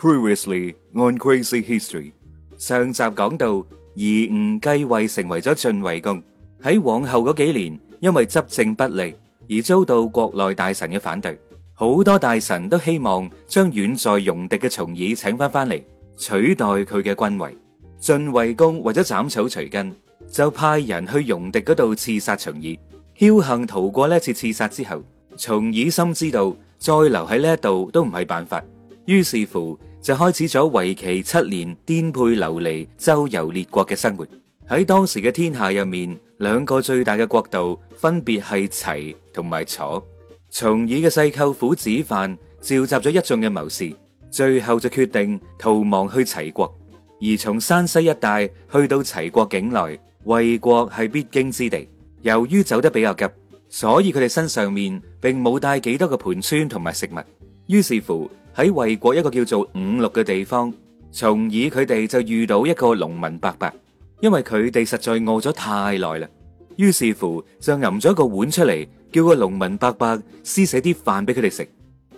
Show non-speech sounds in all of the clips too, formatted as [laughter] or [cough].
Previously on Crazy History，上集講到夷吾繼位成為咗晉惠公。喺往後嗰幾年，因為執政不力而遭到國內大臣嘅反對。好多大臣都希望將遠在戎狄嘅重耳請翻翻嚟取代佢嘅君位。晉惠公為咗斬草除根，就派人去戎狄嗰度刺殺重耳。僥幸逃過呢次刺殺之後，重耳深知道再留喺呢一度都唔係辦法，於是乎。就開始咗為期七年顛沛流離、周遊列國嘅生活。喺當時嘅天下入面，兩個最大嘅國度分別係齊同埋楚。重耳嘅細舅父子犯召集咗一眾嘅謀士，最後就決定逃亡去齊國。而從山西一帶去到齊國境內，衛國係必經之地。由於走得比較急，所以佢哋身上面並冇帶幾多嘅盤川同埋食物。於是乎。喺衛國一個叫做五六嘅地方，從而佢哋就遇到一個農民伯伯，因為佢哋實在餓咗太耐啦，於是乎就揞咗個碗出嚟，叫個農民伯伯施捨啲飯俾佢哋食。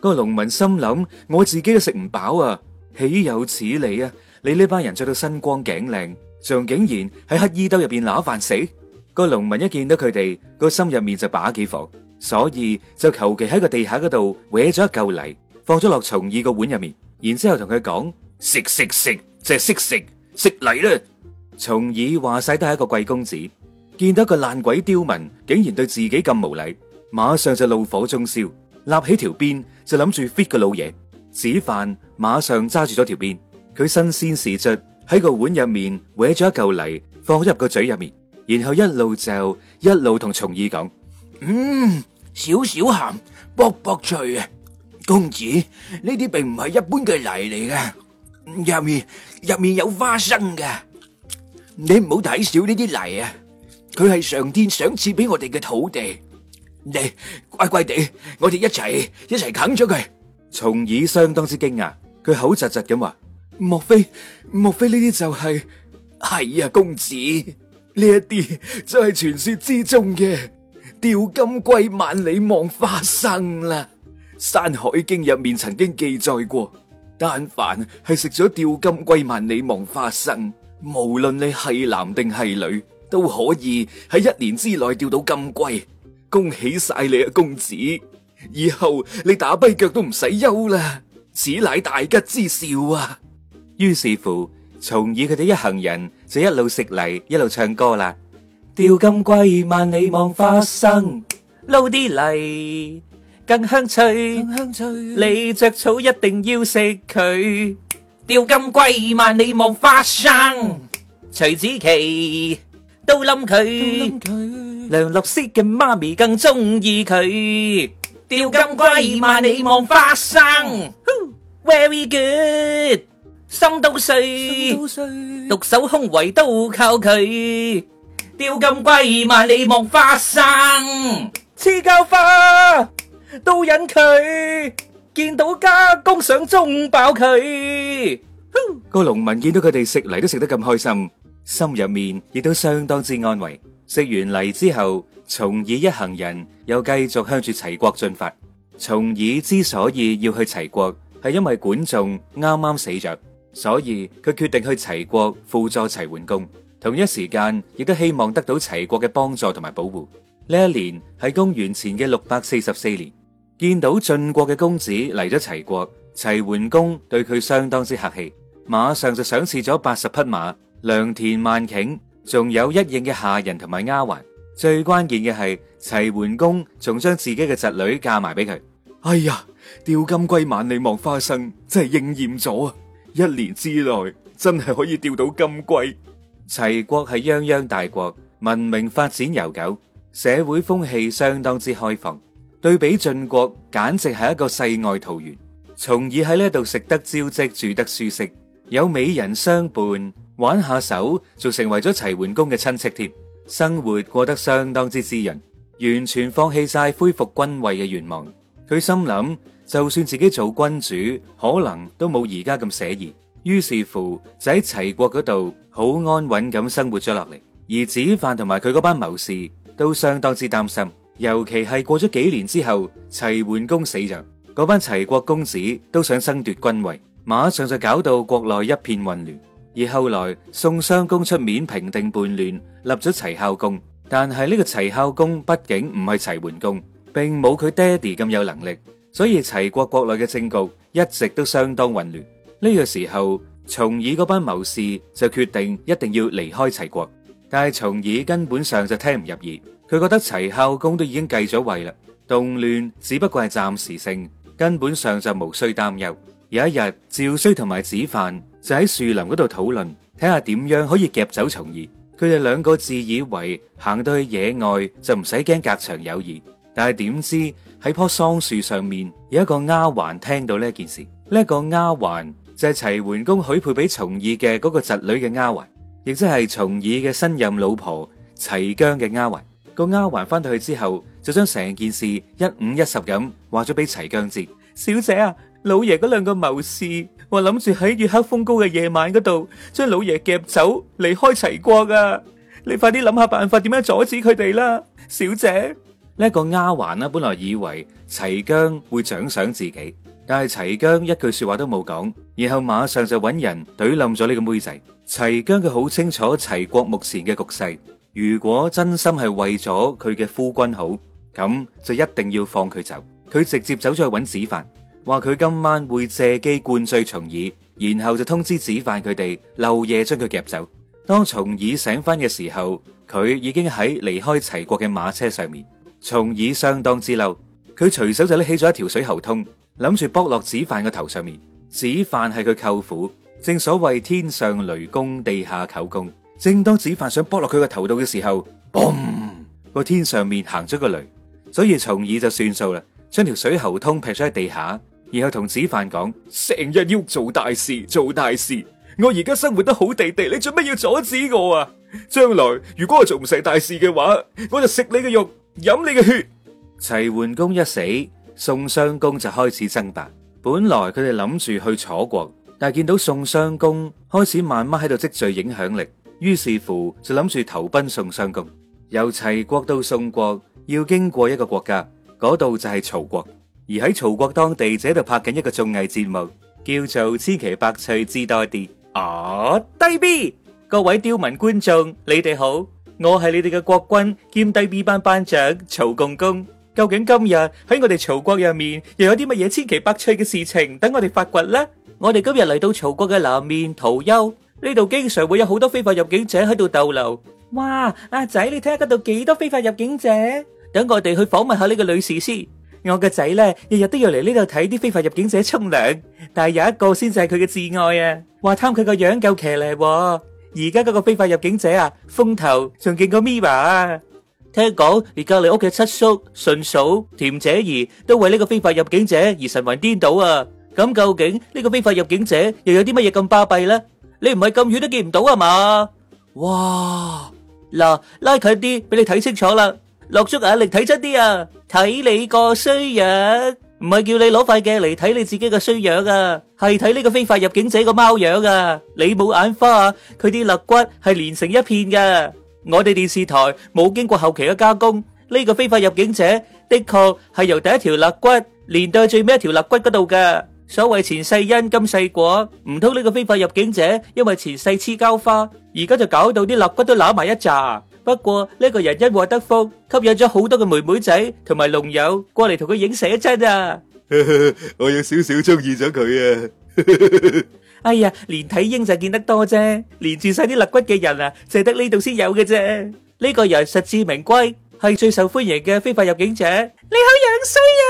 個農民心諗：我自己都食唔飽啊，豈有此理啊！你呢班人着到身光頸靚，仲竟然喺乞衣兜入邊拿飯食。個農民一見到佢哋，個心入面就把幾火，所以就求其喺個地下嗰度搲咗一嚿泥。放咗落重耳個碗入面，然之後同佢講，食食食，即係識食食泥咧。重耳話晒都係一個貴公子，見到一個爛鬼刁民，竟然對自己咁無禮，馬上就怒火中燒，立起條鞭就諗住 fit 個老嘢。子犯馬上揸住咗條鞭，佢新鮮事出喺個碗入面搲咗一嚿泥，放入個嘴入面，然後一路就一路同重耳講，嗯，少少鹹，卜卜脆啊。公子，呢啲並唔係一般嘅泥嚟嘅，入面入面有花生嘅，你唔好睇少呢啲泥啊！佢係上天賞賜俾我哋嘅土地，你乖乖地，我哋一齊一齊啃咗佢。重耳相當之驚訝，佢口窒窒咁話：莫非莫非呢啲就係？係啊公子，呢一啲就係傳說之中嘅釣金龜萬里望花生啦！山海經入面曾經記載過，但凡係食咗釣金龜萬里望花生，無論你係男定係女，都可以喺一年之內釣到金龜。恭喜晒你啊，公子！以後你打跛腳都唔使憂啦，此乃大吉之兆啊！於是乎，重耳佢哋一行人就一路食泥，一路唱歌啦。釣金龜萬里望花生，撈啲泥。更香脆，香你着草一定要食佢。釣金龜，萬里望花生。 [laughs] 徐子淇都冧佢，梁洛施嘅媽咪更中意佢。釣金龜 貴，萬里望花生。 [laughs] Very good，心都碎，獨守空圍都靠佢。 [laughs] 釣金龜，萬里望花生，黐鳩花。都引佢見到家公想中爆佢。個農民見到佢哋食嚟都食得咁開心，心入面亦都相當之安慰。食完嚟之後，重耳一行人又繼續向住齊國進發。重耳之所以要去齊國，係因為管仲啱啱死著，所以佢決定去齊國輔助齊桓公，同一時間亦都希望得到齊國嘅幫助同埋保護。呢一年係公元前嘅六百四十四年。見到晉國嘅公子嚟咗齊國，齊桓公對佢相當之客氣，馬上就賞賜咗八十匹馬、良田萬頃，仲有一應嘅下人同埋丫鬟。最關鍵嘅係，齊桓公仲將自己嘅侄女嫁埋俾佢。哎呀，釣金龜萬里望花生，真係應驗咗啊！一年之內真係可以釣到金龜。齊國係泱泱大國，文明發展悠久，社會風氣相當之開放。對比晉國，簡直係一個世外桃源。重耳喺呢度食得朝夕，住得舒適，有美人相伴，玩下手就成為咗齊桓公嘅親戚貼，生活過得相當之滋潤，完全放棄晒恢復君位嘅願望。佢心諗，就算自己做君主，可能都冇而家咁寫意。於是乎，就喺齊國嗰度好安穩咁生活咗落嚟。而子犯同埋佢嗰班謀士都相當之擔心。尤其係過咗幾年之後，齊桓公死咗，嗰班齊國公子都想爭奪君位，馬上就搞到國內一片混亂。而後來宋襄公出面平定叛亂，立咗齊孝公，但係呢個齊孝公畢竟唔係齊桓公，並冇佢爹哋咁有能力，所以齊國國內嘅政局一直都相當混亂。呢個時候，重耳嗰班謀士就決定一定要離開齊國。但係重耳根本上就聽唔入耳，佢覺得齊孝公都已經繼咗位啦，動亂只不過係暫時性，根本上就無需擔憂。有一日，趙衰同埋子范就喺樹林嗰度討論，睇下點樣可以夾走重耳。佢哋兩個自以為行到去野外就唔使驚隔牆有耳，但係點知喺棵桑樹上面有一個丫鬟聽到呢件事。呢、這個丫鬟，就係齊桓公許配俾重耳嘅嗰個侄女嘅丫鬟。亦即係重耳嘅新任老婆齊姜嘅丫鬟。個丫鬟翻到去之後，就將成件事一五一十咁話咗俾齊姜知。小姐啊，老爺嗰兩個謀士，我諗住喺月黑風高嘅夜晚嗰度，將老爺夾走離開齊國啊！你快啲諗下辦法，點樣阻止佢哋啦，小姐。呢一個丫鬟呢，本來以為齊姜會獎賞自己，但係齊姜一句說話都冇講，然後馬上就揾人懟冧咗呢個妹仔。齊姜佢好清楚齊國目前嘅局勢，如果真心係為咗佢嘅夫君好，咁就一定要放佢走。佢直接走咗去揾子犯，話佢今晚會借機灌醉重耳，然後就通知子犯佢哋漏夜將佢夾走。當重耳醒返嘅時候，佢已經喺離開齊國嘅馬車上面。重耳相當之嬲，佢隨手就拎起咗一條水喉通，諗住剝落子犯嘅頭上面。子犯係佢舅父，正所謂天上雷公，地下舅公。正當子犯想剝落佢個頭度嘅時候，嘣，個天上面行咗個雷，所以重耳就算數啦。將條水喉通劈咗喺地下，然後同子犯講：成日要做大事，做大事。我而家生活得好地地，你做咩要阻止我啊？將來如果我做唔成大事嘅話，我就食你嘅肉。飲你嘅血。齊桓公一死，宋襄公就開始爭霸。本來佢哋諗住去楚國，但係見到宋襄公開始慢慢喺度積聚影響力，於是乎就諗住投奔宋襄公。由齊國到宋國，要經過一個國家，嗰度就係曹國。而喺曹國當地，就喺度拍緊一個綜藝節目，叫做《千奇百趣知多啲》。啊，低 B。各位刁民觀眾，你哋好。我係你哋嘅國君兼低 B 班班長曹公公，究竟今日喺我哋曹國入面又有啲乜嘢千奇百趣嘅事情等我哋發掘呢？我哋今日嚟到曹國嘅南面陶丘，呢度經常會有好多非法入境者喺度逗留。哇，阿仔你睇下嗰度幾多非法入境者？等我哋去訪問下呢個女士先。我個仔呢，日日都要嚟呢度睇啲非法入境者沖涼，但係有一個先至係佢嘅摯愛啊，話貪佢個樣夠騎呢。而家嗰個非法入境者啊，風頭仲勁過 MIRROR 啊！聽講你隔籬屋嘅七叔、順嫂、甜姐兒都為呢個非法入境者而神魂顛倒啊！咁、嗯、究竟呢、呢個非法入境者又有啲乜嘢咁巴閉咧？你唔係咁遠都見唔到啊嘛？哇嗱，拉近啲俾你睇清楚啦，落足眼力睇真啲啊！睇你個衰樣。唔係叫你攞塊鏡嚟睇你自己嘅衰樣啊，係睇呢個非法入境者個貓樣啊！你冇眼花啊？佢啲肋骨係連成一片噶。我哋電視台冇經過後期嘅加工，呢個非法入境者的確係、啊啊這個、由第一條肋骨連到最尾一條肋骨嗰度嘅。所謂前世因今世果，唔通呢個非法入境者因為前世黐膠花，而家就搞到啲肋骨都攬埋一紮。不過呢個人因禍得福，吸引咗好多嘅妹妹仔同埋龍友過嚟同佢影寫真啊！ [laughs] 我有少少中意咗佢啊！ [laughs] 哎呀，連體嬰就見得多啫，連住晒啲肋骨嘅人啊，淨係得呢度先有嘅啫。呢個人實至名歸，係最受歡迎嘅非法入境者。你好樣衰啊！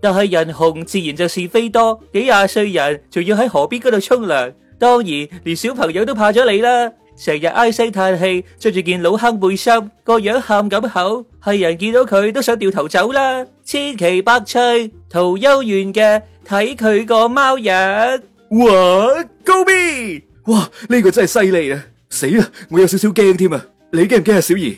但係人紅，自然就是非多。幾廿歲人仲要喺河邊嗰度沖涼，當然連小朋友都怕咗你啦。成日唉聲嘆氣，着住件老坑背心，個樣喊咁口，係人見到佢都想掉頭走啦。千奇百趣，圖幽怨嘅，睇佢個貓樣。哇，高 B！哇，呢個真係犀利啊！死啦，我有少少驚添啊！你驚唔驚啊？小儀，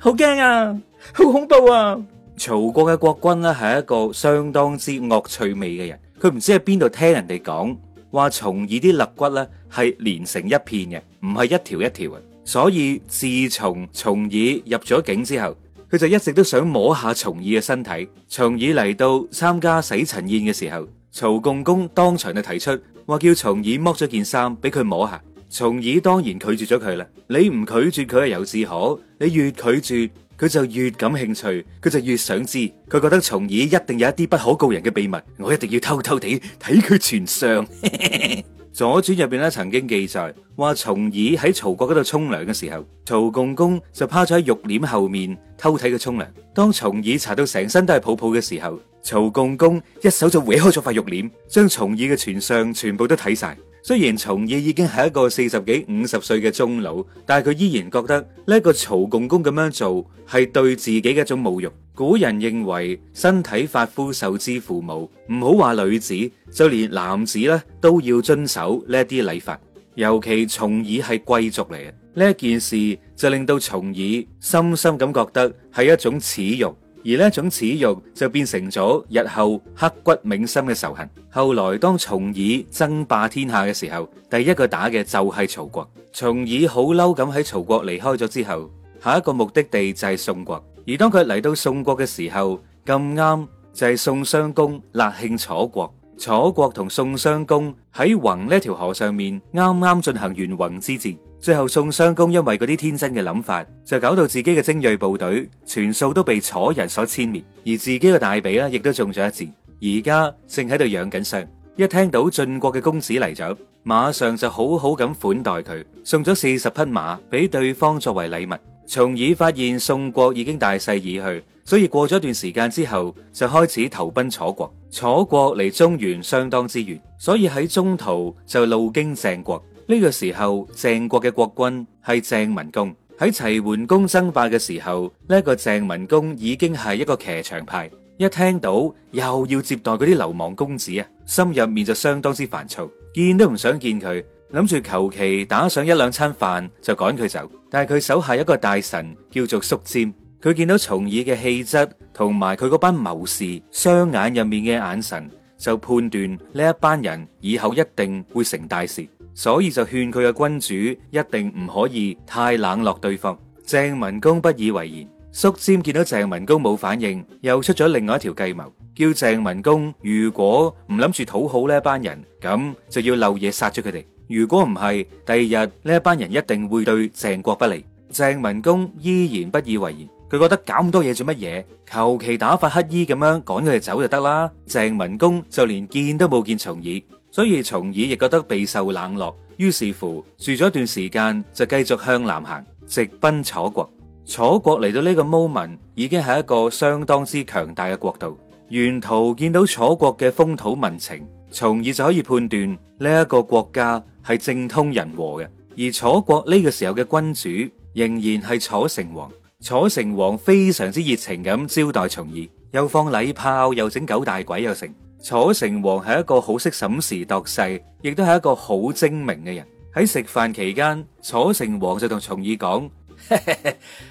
好驚啊，好恐怖啊！曹國嘅國君咧，係一個相當之惡趣味嘅人，佢唔知喺邊度聽人哋講。話重耳啲肋骨咧係連成一片嘅，唔係一條一條嘅。所以自從重耳入咗境之後，佢就一直都想摸下重耳嘅身體。重耳嚟到參加洗塵宴嘅時候，曹共公，公當場就提出，話叫重耳剝咗件衫俾佢摸下。重耳當然拒絕咗佢啦。你唔拒絕佢係，猶自可，你越拒絕。佢就越感興趣，佢就越想知。佢覺得重耳一定有一啲不可告人嘅秘密，我一定要偷偷地睇佢全相。 [laughs] 左傳入邊咧，曾經記載話，重耳喺曹國嗰度沖涼嘅時候，曹公公就趴咗喺浴簾後面偷睇佢沖涼。當重耳搽到成身都係泡泡嘅時候，曹公公一手就搲開咗塊浴簾，將重耳嘅全相全部都睇晒。雖然重耳已經係一個四十幾、五十歲嘅中老，但係佢依然覺得呢一個曹共公咁樣做係對自己嘅一種侮辱。古人認為身體髮膚受之父母，唔好話女子，就連男子咧都要遵守呢啲禮法。尤其重耳係貴族嚟嘅，呢一件事就令到重耳深深咁覺得係一種恥辱。而呢一種恥辱就變成咗日後刻骨銘心嘅仇恨。後來當重耳爭霸天下嘅時候，第一個打嘅就係曹國。重耳好嬲咁喺曹國離開咗之後，下一個目的地就係宋國。而當佢嚟到宋國嘅時候，咁啱就係宋襄公勒慶楚國。楚國同宋襄公喺泓呢條河上面啱啱進行完泓之戰。最後，宋襄公因為嗰啲天真嘅諗法，就搞到自己嘅精銳部隊全數都被楚人所殲滅，而自己嘅大髀呢亦都中咗一箭，而家正喺度養緊傷。一聽到晉國嘅公子嚟咗，馬上就好好咁款待佢，送咗四十匹馬俾對方作為禮物，從而發現宋國已經大勢已去，所以過咗段時間之後，就開始投奔楚國。楚國離中原相當之遠，所以喺中途就路經鄭國。呢個時候，鄭國嘅國君係鄭文公。喺齊桓公爭霸嘅時候，呢一個鄭文公已經係一個騎牆派。一聽到又要接待嗰啲流亡公子啊，心入面就相當之煩躁，見都唔想見佢，諗住求其打上一兩餐飯就趕佢走。但係佢手下一個大臣叫做叔詹，佢見到重耳嘅氣質同埋佢嗰班謀士雙眼入面嘅眼神，就判斷呢一班人以後一定會成大事。所以就勸佢個君主一定唔可以太冷落對方。鄭文公不以為然。叔詹見到鄭文公冇反應，又出咗另外一條計謀，叫鄭文公如果唔諗住討好呢一班人，咁就要漏嘢，殺咗佢哋。如果唔係，第二日呢一班人一定會對鄭國不利。鄭文公依然不以為然，佢覺得搞咁多嘢做乜嘢？求其打發乞衣咁樣趕佢哋走就得啦。鄭文公就連見都冇見重耳。所以，重耳亦覺得備受冷落，於是乎住咗一段時間，就繼續向南行，直奔楚國。楚國嚟到呢個 moment 已經係一個相當之強大嘅國度。沿途見到楚國嘅風土民情，重耳就可以判斷呢一個國家係政通人和嘅。而楚國呢個時候嘅君主仍然係楚成王，楚成王非常之熱情咁招待重耳，又放禮炮，又整九大簋，又成。楚成王係一個好識審時度勢，亦都係一個好精明嘅人。喺食飯期間，楚成王就同重耳講：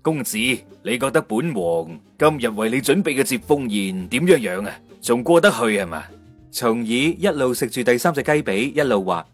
公子你覺得本王今日為你準備嘅接風宴點樣樣啊？仲過得去係嘛？重耳一路食住第三隻雞髀，一路話：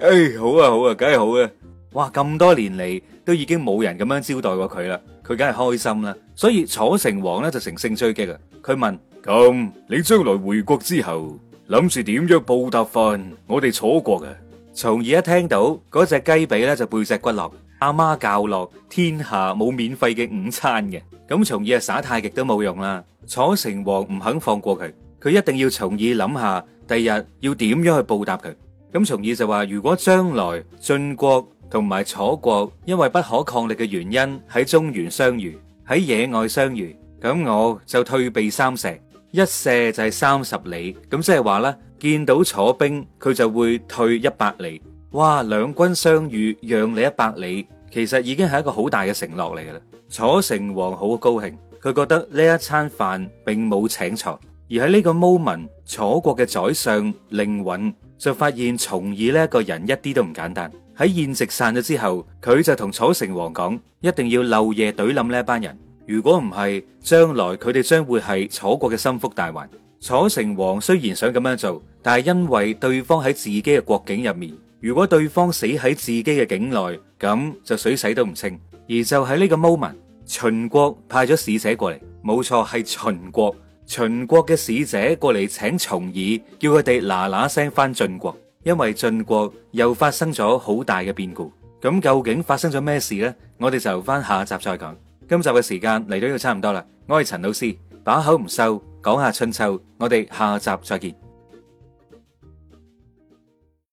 誒，好啊，好啊，梗係好啊！哇，咁多年嚟，都已經冇人咁樣招待過佢啦，佢梗係開心啦。所以楚成王呢就乘勝追擊啦，佢問。咁、嗯、你將來回國之後諗住點樣報答翻我哋楚國啊？重耳一聽到嗰隻雞髀咧就背脊骨落，阿媽，媽教落天下冇免費嘅午餐嘅，咁、嗯、重耳啊耍太極都冇用啦。楚成王唔肯放過佢，佢一定要重耳諗下第日要點樣去報答佢。咁、嗯、重耳就話，如果將來晉國同埋楚國因為不可抗力嘅原因喺中原相遇，喺野外相遇，咁我就退避三舍。一射就係三十里，咁即係話咧，見到楚兵佢就會退一百里。哇，兩軍相遇讓你一百里，其實已經係一個好大嘅承諾嚟嘅啦。楚成王好高興，佢覺得呢一餐飯並冇請錯。而喺呢個 moment，楚國嘅宰相令尹就發現重耳呢一、這個人一啲都唔簡單。喺宴席散咗之後，佢就同楚成王講，一定要漏夜懟冧呢一班人。如果唔係，將來佢哋將會係楚國嘅心腹大患。楚成王雖然想咁樣做，但係因為對方喺自己嘅國境入面，如果對方死喺自己嘅境內，咁就水洗都唔清。而就喺呢個 moment，秦國派咗使者過嚟，冇錯係秦國。秦國嘅使者過嚟請重耳，叫佢哋嗱嗱聲翻晉國，因為晉國又發生咗好大嘅變故。咁究竟發生咗咩事呢？我哋就翻下集再講。今集嘅時間嚟到呢度差唔多啦，我係陳老師，把口唔收，講下春秋，我哋下集再見。